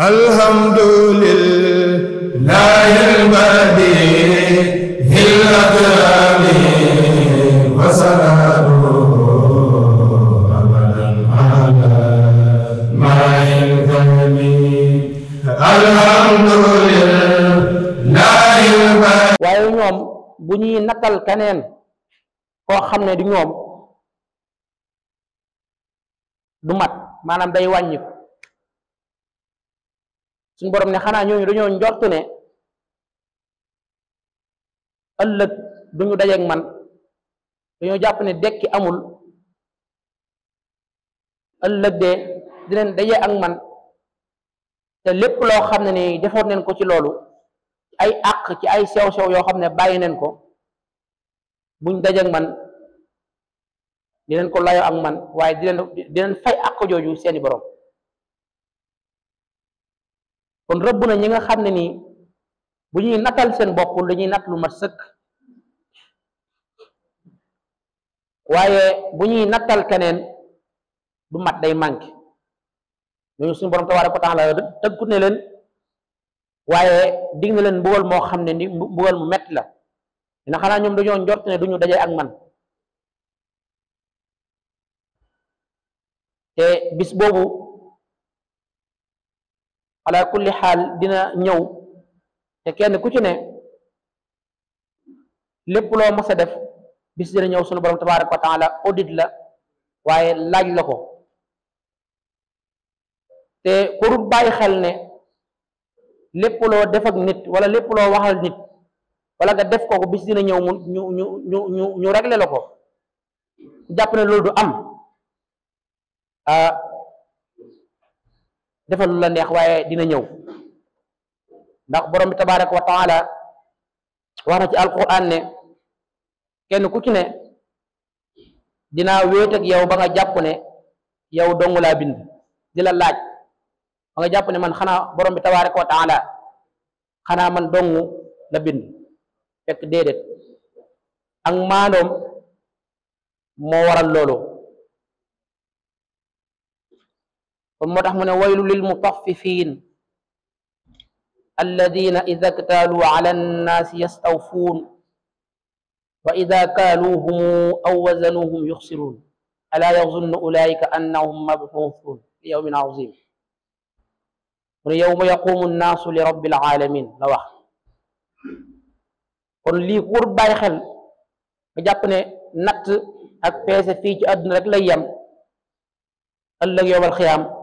الحمد لله البديع الأكرم وسلامه أبدا على ما الكرم الحمد لله البديع waaye ñoom bu ñuy nattal keneen koo xam ne di ñoom du mat maanaam day wàññiku suñu borom ne xanaa ñooñu dañoo njortu ne ëllëg duñu dajeeg man dañoo jàpp ne dekki amul ëllëg de dinañ daje ak man te lépp loo xam ne ni defoon nañ ko ci loolu ay àq ci ay sew-sew yoo xam ne bàyyi nañ ko buñ dajeeg man dinañ ko layoo ak man waaye dinañ dinañ fay àq jooju seeni borom. kon rëbb na ñi nga xamne ni bu ñuy natal seen lu ñuy nat lu ma sekk waaye bu ñuy natal keneen du mat day manqué ñu suñu borom tawara ko taala tëggut ne leen waaye dig na leen mbugal moo xam ne ni mbugal mu met la dina xanaa ñoom dañoo njort ne duñu daje ak man te bis boobu ala kulli xaal dina ñëw te kenn ku ci ne lépp loo mas def bis dina ñëw sunu borom tabaraka wa taala audit la waaye laaj la ko te korut bàyyi xel ne lépp loo def nit wala lépp loo waxal nit wala nga def kooku bis dina ñëw mu ñu ñu ñu ñu ñu la ko jàpp ne loolu du am ah, defa lu la neex waaye dina ñëw ndax borom bi tabaraka wa taala na ci alquran ne kenn ku ci ne dinaa wéet ak yow ba nga jàpp ne yow dong laa bind di la laaj ba nga jàpp ne man xanaa borom bi tabaraka wa taala xanaa man dong la bind fekk déedéet ak maandoom moo waral loolu ثم من ويل للمطففين الذين إذا اكتالوا على الناس يستوفون وإذا كالوهم أو وزنوهم يخسرون ألا يظن أولئك أنهم مبعوثون يوم عظيم ويوم يقوم الناس لرب العالمين لوح كون لي قرب باي خيل ما جاب ني نات اك بيس في ادنا رك لا يام يوم الخيام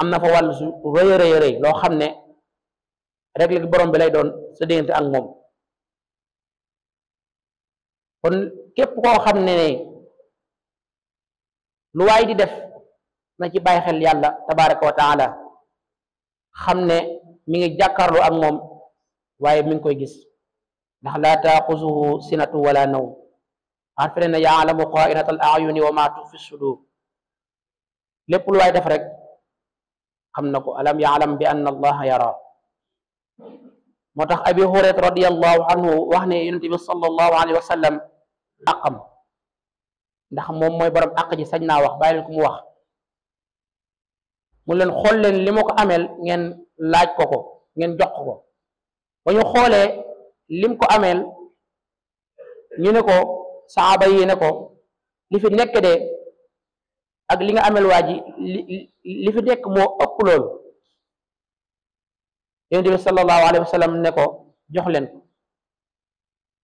am na fa wàll su rëy loo xam ne rek la borom bi lay doon sa diggante ak moom kon képp koo xam ne luwaay lu di def na ci bàyyi xel yàlla tabaraka wa taala xam ne mi ngi jàkkaarlu ak moom waaye mi ngi koy gis ndax laa taaxuzuhu sinatu wala naw xan fene ne yaalamu qainata al ayuni wa ma tufi sudur lépp lu def rek xam na ko alam yaalam bi anna allaha yara motax abi hurayra radiyallahu anhu waxne yunus yonent sallallahu alayhi wa sallam aqam ndax mom moy borom àq ji sañ wax bayil leen ko mu wax mu len xol len li amel ko laaj koko ko jox ko bañu xolé ñu xoolee lim ko ameel ñu ne ko sahaba yi ne ko li fi nekk de ak li nga amel waji li fi nekk mo fokk loolu yonent bi sallallahu alayhi wa sallam ne ko jox leen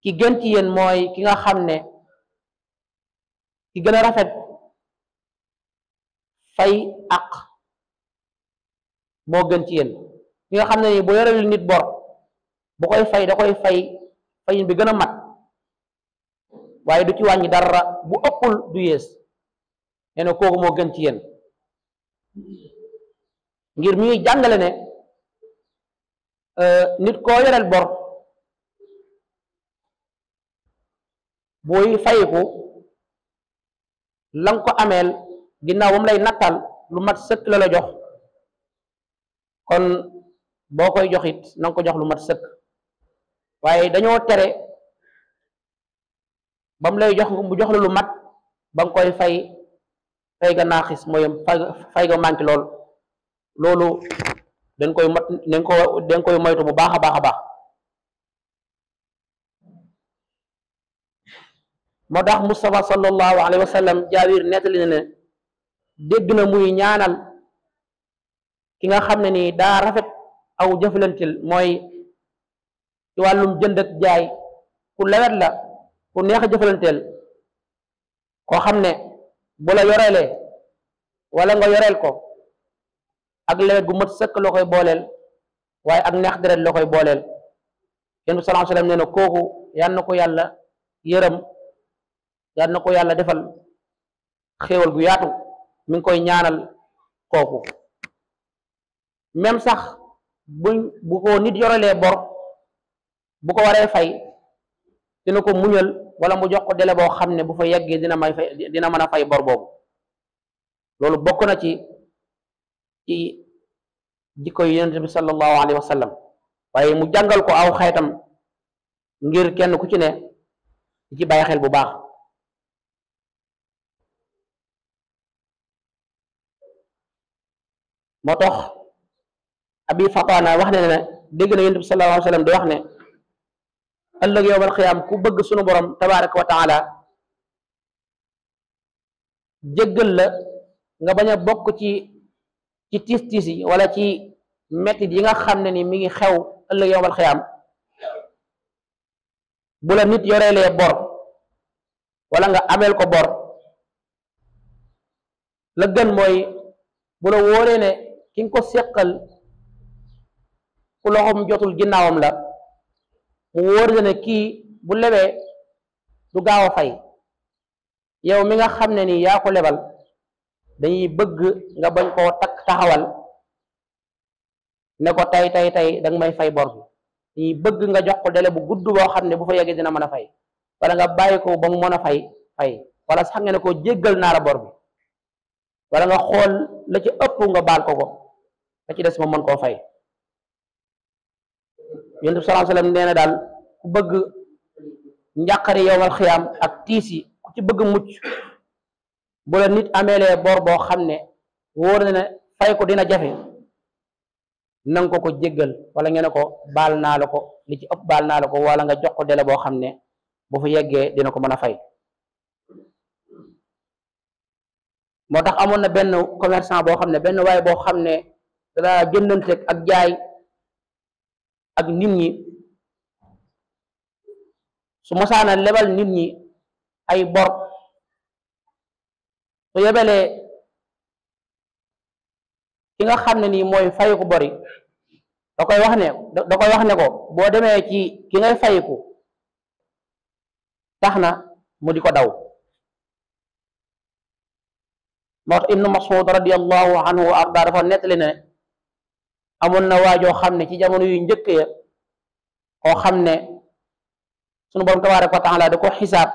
ki gën ci mooy ki nga xam ne ki gën a rafet fay àq moo gën ci yéen ki nga xam ne nii bu yorelu nit bor bu koy fay da koy fay fayin bi gën a mat waaye du ci wàññi dara bu ëppul du yées nee na moo gën ci yéen ngir mi jàngale ne euh, nit koo yoreel bor buy fayiku la nga ko ameel ginnaaw ba mu lay nattal lu mat sëkk la jox kon boo koy jox it na ko jox lu mat sëkk waaye dañoo tere ba mu lay jox mu jox la lu mat ba nga koy fay fay ga naaxis mooy fay ga manqué lool loolu dañ koy mat ko dañ koy moytu bu baax a baax a baax moo tax Moustapha sallallahu alayhi wa sallam jaabir nettali na ne dégg na muy ñaanal ki nga xam ne nii daa rafet aw jëflantil mooy ci wàllum jënd jaay ku lewet la neex a jëflanteel koo xam ne bu la yoreele wala nga yoreel ko ak lewet gu mat sëkk loo koy booleel waaye ak neex deret loo koy booleel yéen bi sallallahu alayhi wasallam na kooku yal na ko yàlla yërëm yal na ko yàlla defal xéewal gu yaatu mu ngi koy ñaanal kooku même sax bu bu ko nit yorelee bor bu ko waree fay dina ko muñal wala mu jox ko délai boo xam ne bu fa yeggee dina may fay dina mën a fay bor boobu loolu bokk na ci ci jikko yu yonent bi sallallahu alayhi waaye mu jàngal ko aw xeetam ngir kenn ku ci ne di ci bàyyi xel bu baax moo tax abi fatana wax ne ne dégg na bi sallallahu alayhi wa sallam di wax ne ëllëg yowmal xiyaam ku bëgg sunu borom tabaraka wa taala jéggal la nga bañ bokk ci ci tis tis yi wala ci metit yi nga xam ne ni mi ngi xew ëllëg yowmal xiyaam bu la nit yoreelee bor wala nga ameel ko bor la gën mooy bu la wóoree ne ki nga ko seqal ku loxoom jotul ginnaawam la mu wóor la ne kii bu lebee du gaaw a fay yow mi nga xam ne ni yaa ko lebal dañuy bëgg nga bañ koo takk taxawal ne ko tay tay, tay dang may fay bor ni bëgg nga jox ko délai bu gudd bo xamné bu fa yeggee dina mëna fay wala nga bàyyi ko ba mu mëna fay fay wala sax nga ne ko jéggal naara la wala nga xol la ci ëpp nga baal ko ko la ci dess mo mën ko fay yonent sallallahu alayhi wasallam nee dal ku bëgg njaqari yowal khiyam ak tisi ku ci bëgg mucc bu la nit amélé bor bo xamné ne na fay ko dina jafe nang ko ko jéggal wala ngeen ko baal naa la ko li ci ëpp baal naa la ko wala nga jox ko dele boo xam ne bu fu yeggee dina ko mën a fay moo tax amoon na benn commerçant boo xam ne benn waay boo xam ne daa jëndanteeg ak jaay ak nit ñi su masaana lebal nit ñi ay bor su yebalee ki nga xam ne nii mooy fayiku bori da wax ne da wax ne ko boo demee ci ki ngay fayiku tax na mu di ko daw moo tax ibnu masud radiallahu anhu wa arda dafa nettali ne amoon na waajoo xam ne ci jamono yu njëkk ya koo xam ne sunu borom tabaraka wa taala da ko xisaab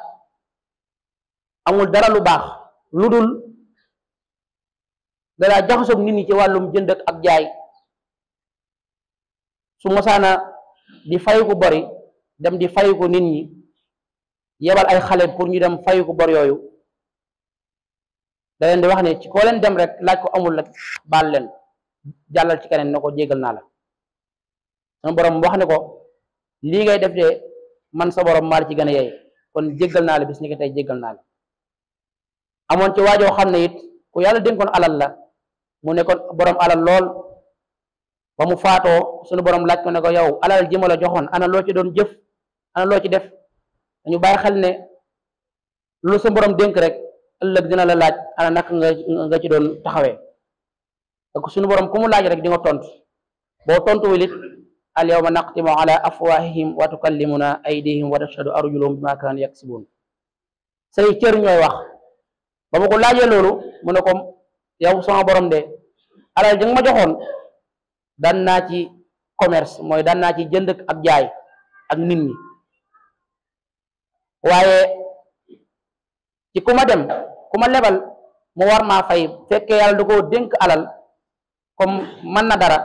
amul dara lu baax lu dul danaa jaxasoog nit ñi ci wàllum jënd ak jaay su mosaana di fay ku bori dem di fay ko nit ñi yebal ay xale pour ñu dem fay ku bor yooyu da leen di wax ne ci koo leen dem rek laaj ko amul rek baal leen jàllal ci keneen ne ko jégal naa la sama borom wax ne ko lii ngay def man sa borom maal ci gën kon jégal naa la bis ni jégal naa la amoon ci waajoo xam ne it ku yàlla dénkoon alal la mu nekkoon borom alal lool ba mu faatoo sunu borom laaj ko ne ko yow alal ji ma la joxoon ana loo ci doon jëf ana loo ci def dañu bàyyi xel ne lu sa borom dénk rek ëllëg dina la laaj ana nak nga nga ci doon taxawee donc sunu borom ku mu laaj rek di nga tont boo tontuwul it al yawma naqtimu ala afwahihim wa tukallimuna aydihim wa tashhadu arjuluhum bima kaanu yaksibun say cër ñooy wax ba mu ko laajee loolu mu ne ko yow sama borom de alal jëng ma joxoon daan naa ci commerce mooy daan naa ci jënd ak jaay ak nit ñi waaye ci ku dem ku ma lebal mu war maa fay fekkee yàlla da koo dénk alal comme mën na dara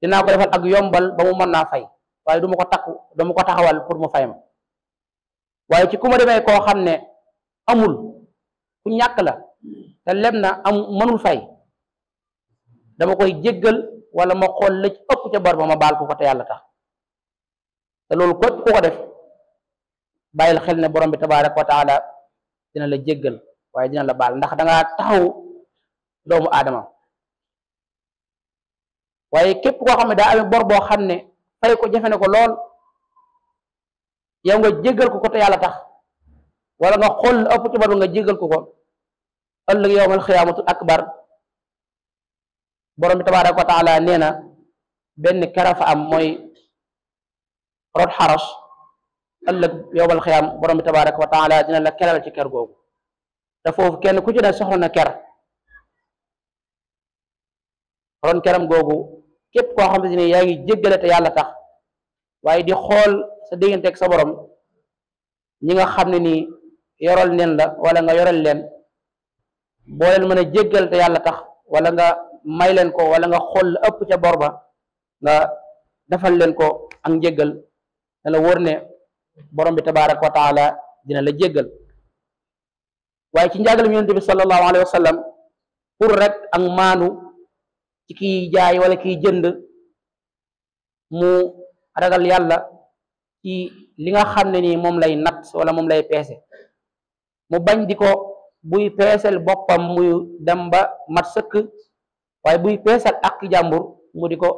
dinaa ko defal ak yombal ba mu mën naa fay waaye duma ko takku du ko taxawal pour mu fay waaye ci ku ma demee koo xam ne amul ku ñàkk la te leb na am mënul fay dama koy jéggal wala ma xool la ci ëpp ca ba ma baal ko ko te yàlla tax te loolu ko ku ko def bàyyil xel ne borom bi tabaaraka wa taala dina la jéggal waaye dina la baal ndax danga taxaw doomu aadama waaye képp koo xam ne daa amee bor boo xam ne fay ko jafe ne ko lool yow nga jéggal ko ko te yàlla tax wala nga xool la ëpp ca bor ba nga jéggal ko ko ëllëg yowmal xiyaamatul akbar borom bi tabaaraka wa taala nee na benn kera fa am mooy rot xaros ëllëg yowmal xiyaam borom bi tabaaraka wa taala dina la keral ci ker googu te foofu kenn ku ci ne soxla na ker ron keram googu képp koo xam ne yaa ngi jéggale te yàlla tax waaye di xool sa digganteeg sa borom ñi nga xam ne nii yoral neen la wala nga yoral leen boo leen mën jéggal te yàlla tax wala nga may leen ko wala nga xool la ëpp ca bor ba nga defal leen ko ak njéggal te la wóor ne borom bi tabaraka wa taala dina la jéggal waaye ci njàngalem yonent bi sallallahu alayhi wa sallam pour rek ak maanu ci kiy jaay wala kiy jënd mu ragal yàlla ci li nga xam ne nii moom lay nat wala moom lay peese mu bañ di ko buy peesal boppam muy dem ba mat sëkk waaye buy peesal ak jàmbur mu di ko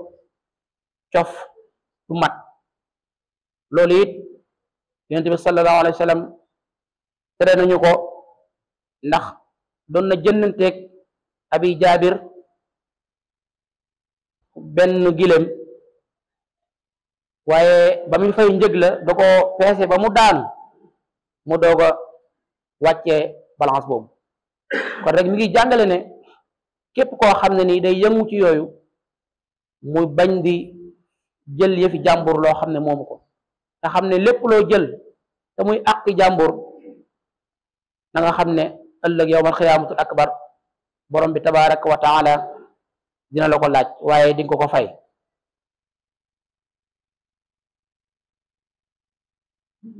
cof du mat loolu it yonent bi sallallahu wa sallam tere nañu ko ndax doon na jëndanteeg abi jabir benn gilem waaye ba muy fay njëg la da ko peese ba mu daan mu doog a balance boobu kon rek mi ngi jàngale ne képp koo xam ne nii day yëngu ci yooyu mu bañ di jël yëfi jàmbur loo xam ne moomu ko nga xam ne lépp loo jël te muy àqi jàmbur na nga xam ne ëllëg yawmal xiyaamatul akbar borom bi tabaraka wa taala dina la laaj waaye dinga ko ko fay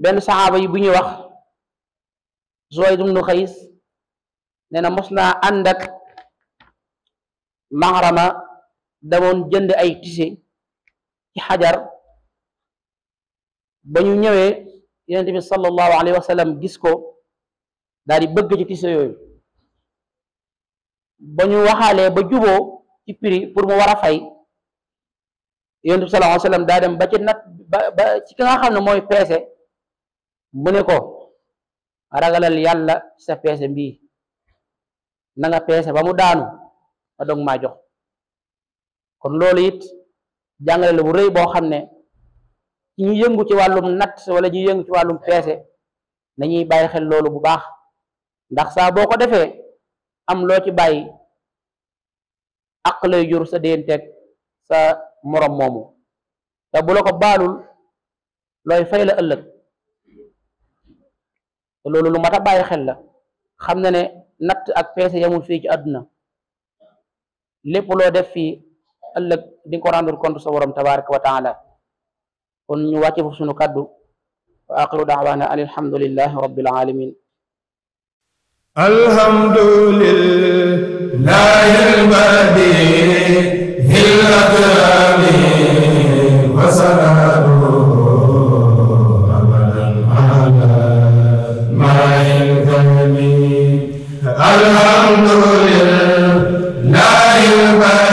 benn saxaaba yi bu ñuy wax Zuwayd ibnu Xays nee na mos naa ànd ak damoon jënd ay tise ci xajar ba ñu ñëwee yonent bi sallallahu alayhi wa gis ko daal di bëgg ci tise yooyu ba ñu waxaalee ba juboo ci prix pour mu war fay yonent bi sallallahu alayhi daa dem ba ci nat ba ci ki nga xam ne mooy peese mu ne ko ragalal yàlla sa peese mbii na nga peese ba mu daanu nga dog maa kon loolu it jàngale la bu rëy boo xam ne ci ñu yëngu ci wàllum natt walla ñu yëngu ci wàllum peese nañuy bàyyi xel loolu bu baax ndax saa boo ko defee am loo ci bàyyi ak lay jur sa déenteeg sa moroom moomu te bu la ko looy fay la ëllëg te loolu lu mat a bàyyi xel la xam na ne natt ak peese yamul fii ci àdduna lépp loo def fii ëllëg di nga ko rendre compte sa borom tabaraka wa taala kon ñu wàcce foofu sunu kàddu wa aqiru daawaana an alhamdulillahi rabbil alamin alhamdulillahi albadi